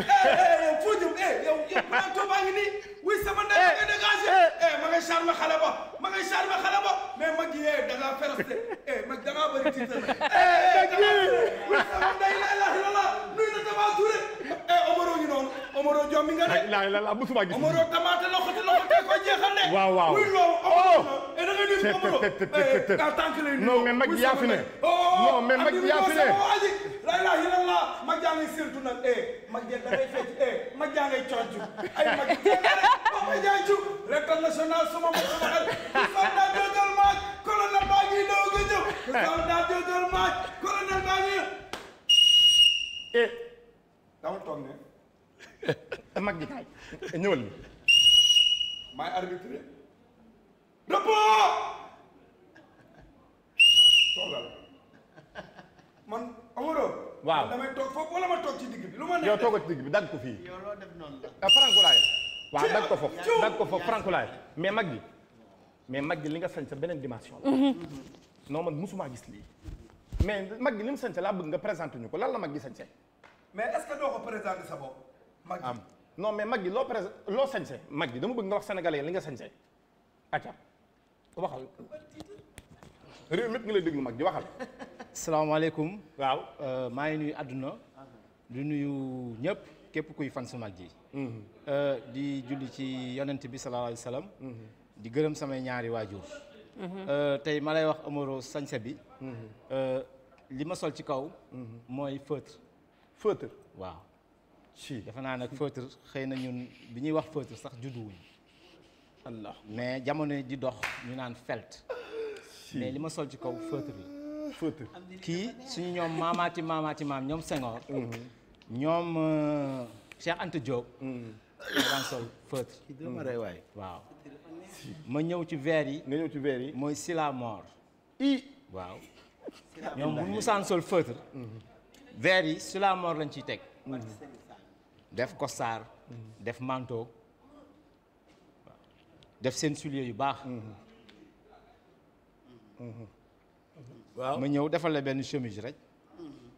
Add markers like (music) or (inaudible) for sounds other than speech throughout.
yow foo jëm yow yow bu naan tuubaa ngi nii wuy sama ndey ma ngay dégagé ma ngay charme xale ba ma ngay charme xale ba mais mag yi da ngaa féroce de mag da ngaa bëri tiital wuy sama ndey la ilaha illallah nuy na Tapha Touré Omaro ñu noonu Omaro jom mi nga ne la la la musuma gis Omaro tamaate loxoti loxoti ko jeexal de waaw waaw wuy loolu Omaro e da nga nuyu Omaro ka tànk lay nuyu non mais mag yaa fi ne non mais mag yaa fi ne la ilaha illallah mag yaa ngi sirtu nag mag ja dangay fecc eh mag jaa ngay cooncu ay mag (laughs) ma jaaju l'école nationale sama ma sama xel soldat joojol maaj colonel baa ngi doog a ñëw soldat joojol maaj colonel baa ngi eh dama toog ne (laughs) mag ji kaay ñëwal maay arbitre repos waaw damay toog foofu wala ma toog ci digg bi yow toogoo ci digg bi dagg ko fii. yow loo def noonu la. Ah, farankulaay waaw dagg ko foofu dagg ko foofu farankulaay mais mag gi mais mag gi li nga sañ beneen dimension la. Mhm. non man gis lii. mais mag gi li mu sañ laa bëgg nga présenté ñu ko lan la mag gi sañ mais est sa bopp. mag am non mais mag gi loo présent loo sañ sa gi dama bëgg nga wax sénégalais li nga sañ sa. acca waxal réew mépp nga lay déglu mag gi waxal. salaamaaleykum. waaw euh, maa ngi nuy àdduna. di nuyu ñëpp képp kuy fan su ji. Mm-hmm. Euh, di julli ci yonent bi sallallahu alayhi mm-hmm. di gërëm samay ñaari waajur. Mm-hmm. Euh, tey ma lay wax Omaro sañse bi. li ma sol ci kaw. mooy feutre. feutre waaw. si defe naa nag feutre xëy na ñun bi ñuy wax feutre sax juddu wuñu mais jamono di dox ñu naan felt. mais li ma sol ci kaw feutre la. fëtt kii suñu ñoom maamaati maamaati maam ñoom Senghor. Mm-hmm. ñoom euh, Cheikh Anta Diop. Mm-hmm. Mm-hmm. ma ñëw ci verre yi. nga yi. mooy Sila Mor. i waaw. ñoom bu musaan sol feutre. verre yi Sila Mor lañ ciy teg. def costard. def manteau. def seen soulier yu baax. waaw ma ñëw defal la benn chemise rek.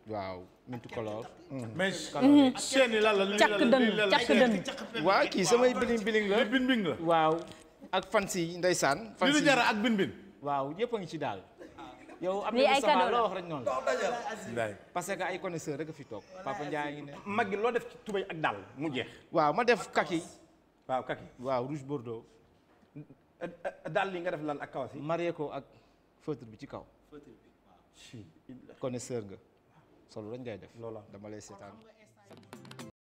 waaw multicolore. Mm-hmm. mais mm-hmm. Mm-hmm. seen yi lan la lii kii samay biling biling la waaw ak fansi yi ndeysaan. fan si jara ak bin waaw yëpp a ngi ci daal. Ah. yow am loo wax rek noonu parce que ay connaisseur rek a fi toog Papa Ndiaye ngi ne. mag gi loo def ci tubéy ak daal mu jeex. waaw ma def kaki. waaw kaki waaw rouge bordeaux. daal li nga def lan ak kawas yi. marié ko ak feutre bi ci kaw. feutre bi waaw. connaisseur nga. solo lañ ngay def. loola dama lay seetaan.